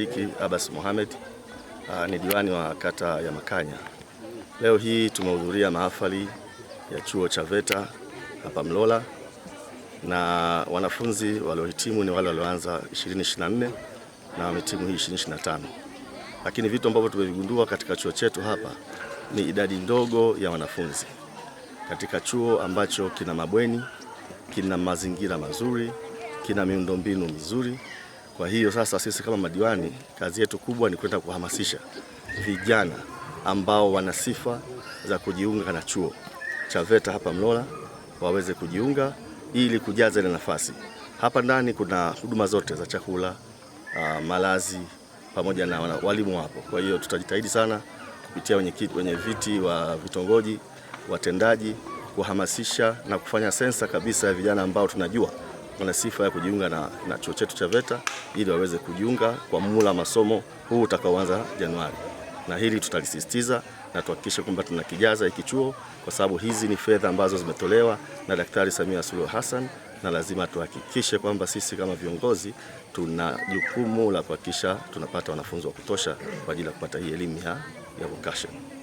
Hiki Abbas Mohamed ah, ni diwani wa kata ya Makanya. Leo hii tumehudhuria mahafali ya chuo cha VETA hapa Mlola, na wanafunzi waliohitimu ni wale walioanza 2024 na wamehitimu hii 2025. Lakini vitu ambavyo tumevigundua katika chuo chetu hapa ni idadi ndogo ya wanafunzi katika chuo ambacho kina mabweni, kina mazingira mazuri, kina miundombinu mizuri kwa hiyo sasa sisi kama madiwani kazi yetu kubwa ni kwenda kuhamasisha vijana ambao wana sifa za kujiunga na chuo cha VETA hapa Mlola waweze kujiunga ili kujaza ile nafasi. Hapa ndani kuna huduma zote za chakula, uh, malazi pamoja na walimu wapo. Kwa hiyo tutajitahidi sana kupitia wenyekiti, wenye viti wa vitongoji, watendaji kuhamasisha na kufanya sensa kabisa ya vijana ambao tunajua wana sifa ya kujiunga na, na chuo chetu cha VETA ili waweze kujiunga kwa mula masomo huu utakaoanza Januari, na hili tutalisisitiza na tuhakikishe kwamba tunakijaza hiki chuo, kwa sababu hizi ni fedha ambazo zimetolewa na Daktari Samia Suluhu Hassan, na lazima tuhakikishe kwamba sisi kama viongozi tuna jukumu la kuhakikisha tunapata wanafunzi wa kutosha kwa ajili ya kupata hii elimu ya vocation.